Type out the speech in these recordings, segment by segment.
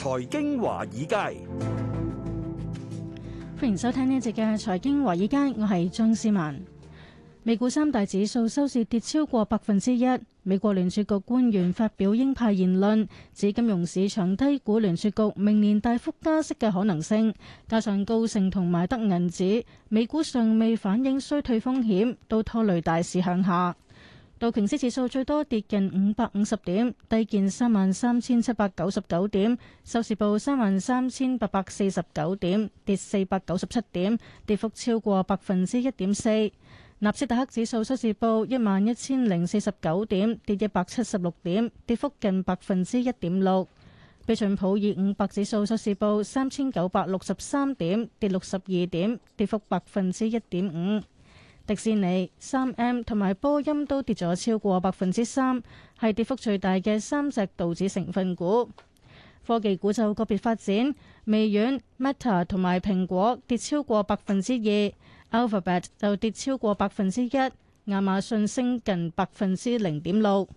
財經華爾街，歡迎收聽呢一節嘅財經華爾街。我係張思文。美股三大指數收市跌超過百分之一。美國聯儲局官員發表鷹派言論，指金融市場低估聯儲局明年大幅加息嘅可能性。加上高盛同埋德銀指美股尚未反映衰退風險，都拖累大市向下。道瓊斯指數最多跌近五百五十點，低見三萬三千七百九十九點；收市報三萬三千八百四十九點，跌四百九十七點，跌幅超過百分之一點四。納斯達克指數收市報一萬一千零四十九點，跌一百七十六點，跌幅近百分之一點六。標準普爾五百指數收市報三千九百六十三點，跌六十二點，跌幅百分之一點五。迪士尼、三 M 同埋波音都跌咗超過百分之三，係跌幅最大嘅三隻道指成分股。科技股就個別發展，微軟、Meta 同埋蘋果跌超過百分之二，Alphabet 就跌超過百分之一，亞馬遜升近百分之零點六。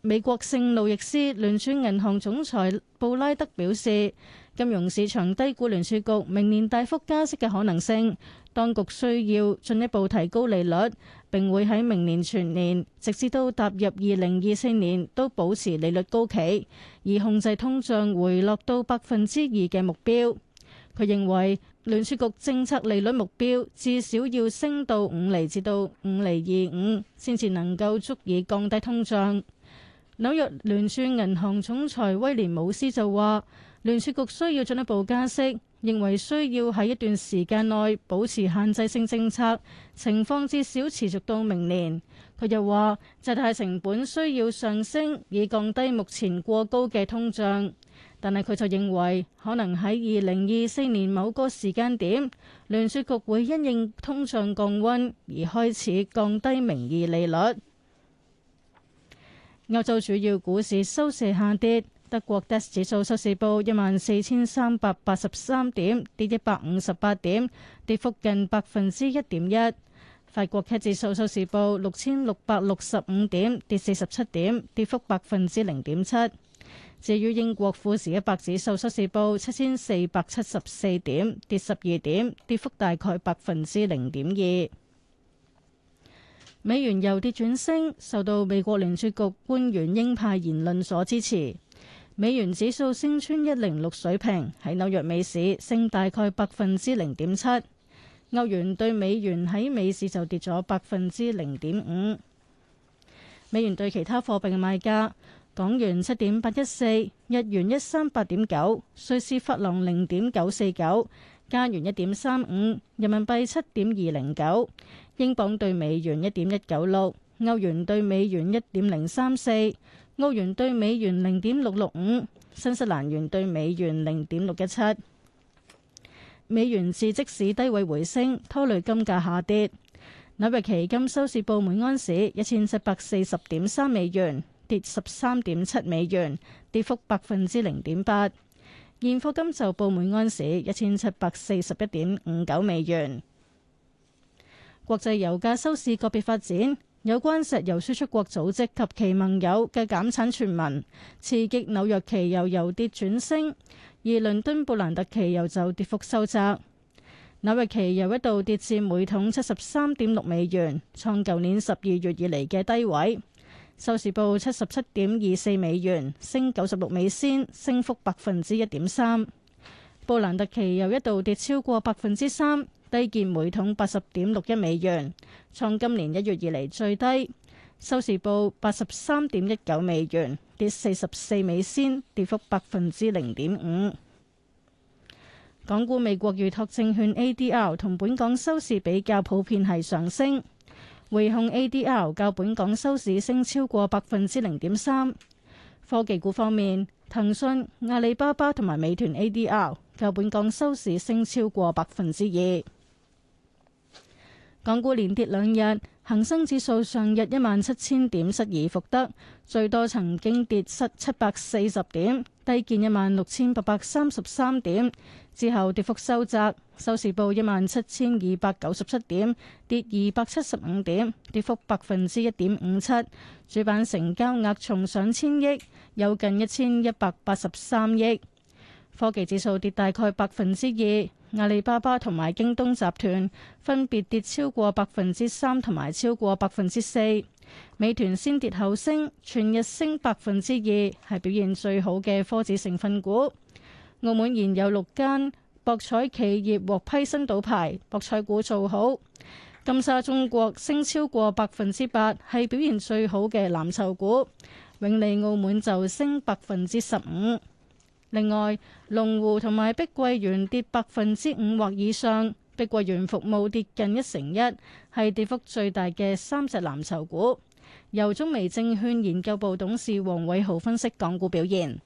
美國聖路易斯聯儲銀行總裁布拉德表示。金融市場低估聯儲局明年大幅加息嘅可能性，當局需要進一步提高利率，並會喺明年全年直至到踏入二零二四年都保持利率高企，而控制通脹回落到百分之二嘅目標。佢認為聯儲局政策利率目標至少要升到五釐至到五釐二五，先至能夠足以降低通脹。紐約聯儲銀行總裁威廉姆斯就話：聯儲局需要進一步加息，認為需要喺一段時間內保持限制性政策，情況至少持續到明年。佢又話，債貸成本需要上升以降低目前過高嘅通脹。但係佢就認為，可能喺二零二四年某個時間點，聯儲局會因應通脹降溫而開始降低名義利率。歐洲主要股市收市下跌。德國 DAX 指數收市報一萬四千三百八十三點，跌一百五十八點，跌幅近百分之一點一。法國 CAC 指數收市報六千六百六十五點，跌四十七點，跌幅百分之零點七。至於英國富時一百指數收市報七千四百七十四點，跌十二點，跌幅大概百分之零點二。美元由跌轉升，受到美國聯儲局官員鷹派言論所支持。美元指數升穿一零六水平，喺紐約美市升大概百分之零點七。歐元對美元喺美市就跌咗百分之零點五。美元對其他貨幣嘅賣價：港元七點八一四，日元一三八點九，瑞士法郎零點九四九，加元一點三五，人民幣七點二零九，英鎊對美元一點一九六，歐元對美元一點零三四。澳元兌美元零點六六五，新西蘭元兌美元零點六一七。美元自即市低位回升，拖累金價下跌。紐約期金收市報每盎司一千七百四十點三美元，跌十三點七美元，跌幅百分之零點八。現貨金就報每盎司一千七百四十一點五九美元。國際油價收市個別發展。有關石油輸出國組織及其盟友嘅減產傳聞，刺激紐約期油由跌轉升，而倫敦布蘭特期油就跌幅收窄。紐約期油一度跌至每桶七十三點六美元，創舊年十二月以嚟嘅低位。收市報七十七點二四美元，升九十六美仙，升幅百分之一點三。布蘭特期油一度跌超過百分之三。低見每桶八十點六一美元，創今年一月以嚟最低。收市報八十三點一九美元，跌四十四美仙，跌幅百分之零點五。港股美國預託證券 A D R 同本港收市比較普遍係上升，匯控 A D R 較本港收市升超過百分之零點三。科技股方面，騰訊、阿里巴巴同埋美團 A D R 較本港收市升超過百分之二。港股連跌兩日，恒生指數上日一萬七千點失而復得，最多曾經跌失七百四十點，低見一萬六千八百三十三點，之後跌幅收窄，收市報一萬七千二百九十七點，跌二百七十五點，跌幅百分之一點五七。主板成交額重上千億，有近一千一百八十三億。科技指數跌大概百分之二。阿里巴巴同埋京東集團分別跌超過百分之三同埋超過百分之四，美團先跌後升，全日升百分之二，係表現最好嘅科指成分股。澳門現有六間博彩企業獲批新賭牌，博彩股做好。金沙中國升超過百分之八，係表現最好嘅藍籌股。永利澳門就升百分之十五。另外，龍湖同埋碧桂園跌百分之五或以上，碧桂園服務跌近一成一，係跌幅最大嘅三隻藍籌股。由中美證券研究部董事王偉豪分析港股表現。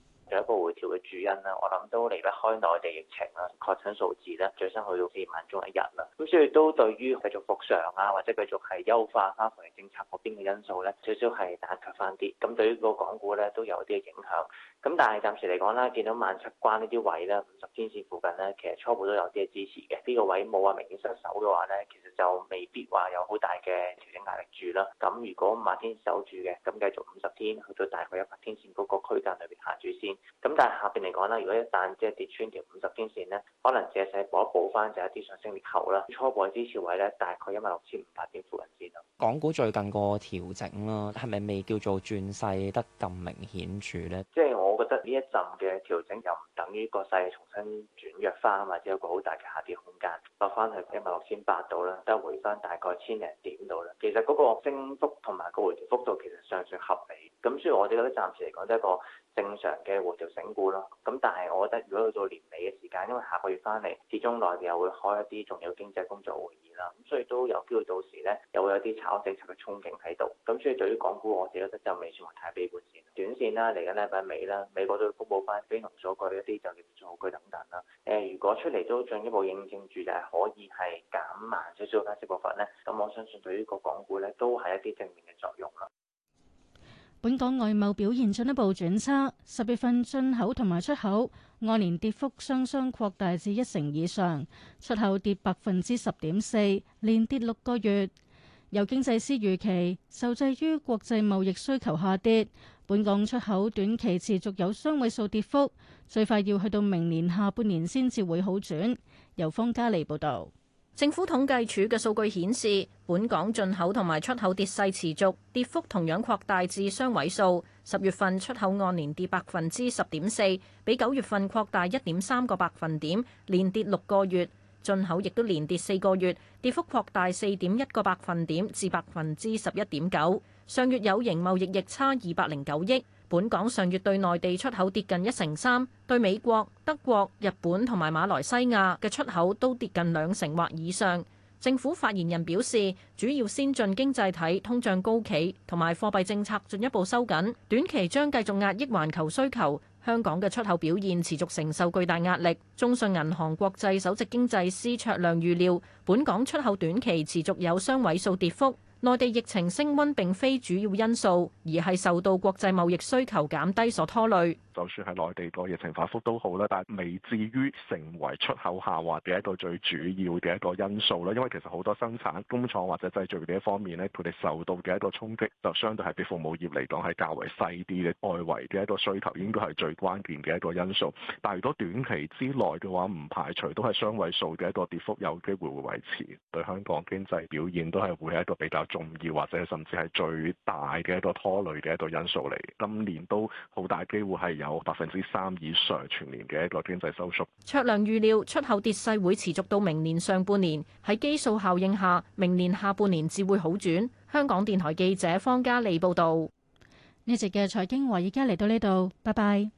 條嘅主因啦，我諗都離不開內地疫情啦，確診數字咧最新去到四萬宗一日啦，咁所以都對於繼續復常啊，或者繼續係優化翻防疫政策嗰邊嘅因素咧，少少係打擊翻啲，咁對於個港股咧都有啲嘅影響。咁但係暫時嚟講啦，見到萬七關呢啲位咧，五十天線附近呢，其實初步都有啲嘅支持嘅。呢、這個位冇話明顯失守嘅話咧，其實就未必話有好大嘅調整壓力住啦。咁如果萬天守住嘅，咁繼續五十天去到大概一百天線嗰個區間裏邊行住先。咁但下邊嚟講啦，如果一旦即係跌穿條五十天線咧，可能借勢補一補翻，就一啲上升裂口啦。初步嘅支持位咧，大概一萬六千五百點附近先啦。港股最近個調整啦，係咪未叫做轉勢得咁明顯住咧？即係我覺得呢一陣嘅調整又唔等於個勢重新轉弱翻，或者有個好大嘅下跌空間落翻去一萬六千八度啦，都係回翻大概千零點度啦。其實嗰個升幅同埋個回調幅度其實尚算合理。咁所以我哋覺得暫時嚟講都係一個正常嘅回調整固咯。咁但係我覺得，如果去到年尾嘅時間，因為下個月翻嚟，始終內地又會開一啲重要經濟工作會議啦，咁所以都有機會到時咧，又會有啲炒政策嘅憧憬喺度。咁所以對於港股我哋覺得就未算話太悲觀先。短線啦，嚟緊禮拜尾啦，美國都會公布翻非農數據一啲就業數據等等啦。誒，如果出嚟都進一步印證住就係可以係減慢少少加息步伐咧，咁我相信對於個港股咧都係一啲正面嘅作用啦。本港外貿表現進一步轉差，十月份進口同埋出口按年跌幅雙雙擴大至一成以上，出口跌百分之十點四，連跌六個月。有經濟師預期，受制於國際貿易需求下跌，本港出口短期持續有雙位數跌幅，最快要去到明年下半年先至會好轉。由方嘉利報道。政府統計處嘅數據顯示，本港進口同埋出口跌勢持續，跌幅同樣擴大至雙位數。十月份出口按年跌百分之十點四，比九月份擴大一點三個百分點，連跌六個月。進口亦都連跌四個月，跌幅擴大四點一個百分點至百分之十一點九。上月有形貿易逆差二百零九億。本港上月對內地出口跌近一成三，對美國、德國、日本同埋馬來西亞嘅出口都跌近兩成或以上。政府發言人表示，主要先進經濟體通脹高企，同埋貨幣政策進一步收緊，短期將繼續壓抑環球需求。香港嘅出口表現持續承受巨大壓力。中信銀行國際首席經濟師卓亮預料，本港出口短期持續有雙位數跌幅。內地疫情升溫並非主要因素，而係受到國際貿易需求減低所拖累。就算係內地個疫情反覆都好啦，但係未至於成為出口下滑嘅一個最主要嘅一個因素啦。因為其實好多生產工廠或者製造嘅一方面呢，佢哋受到嘅一個衝擊就相對係比服務業嚟講係較為細啲嘅。外圍嘅一個需求應該係最關鍵嘅一個因素。但係如果短期之內嘅話，唔排除都係雙位數嘅一個跌幅，有機會會維持。對香港經濟表現都係會係一個比較重要或者甚至係最大嘅一個拖累嘅一個因素嚟，今年都好大機會係有百分之三以上全年嘅一個經濟收縮。卓亮預料出口跌勢會持續到明年上半年，喺基數效應下，明年下半年至會好轉。香港電台記者方嘉莉報道。呢集嘅財經華，而家嚟到呢度，拜拜。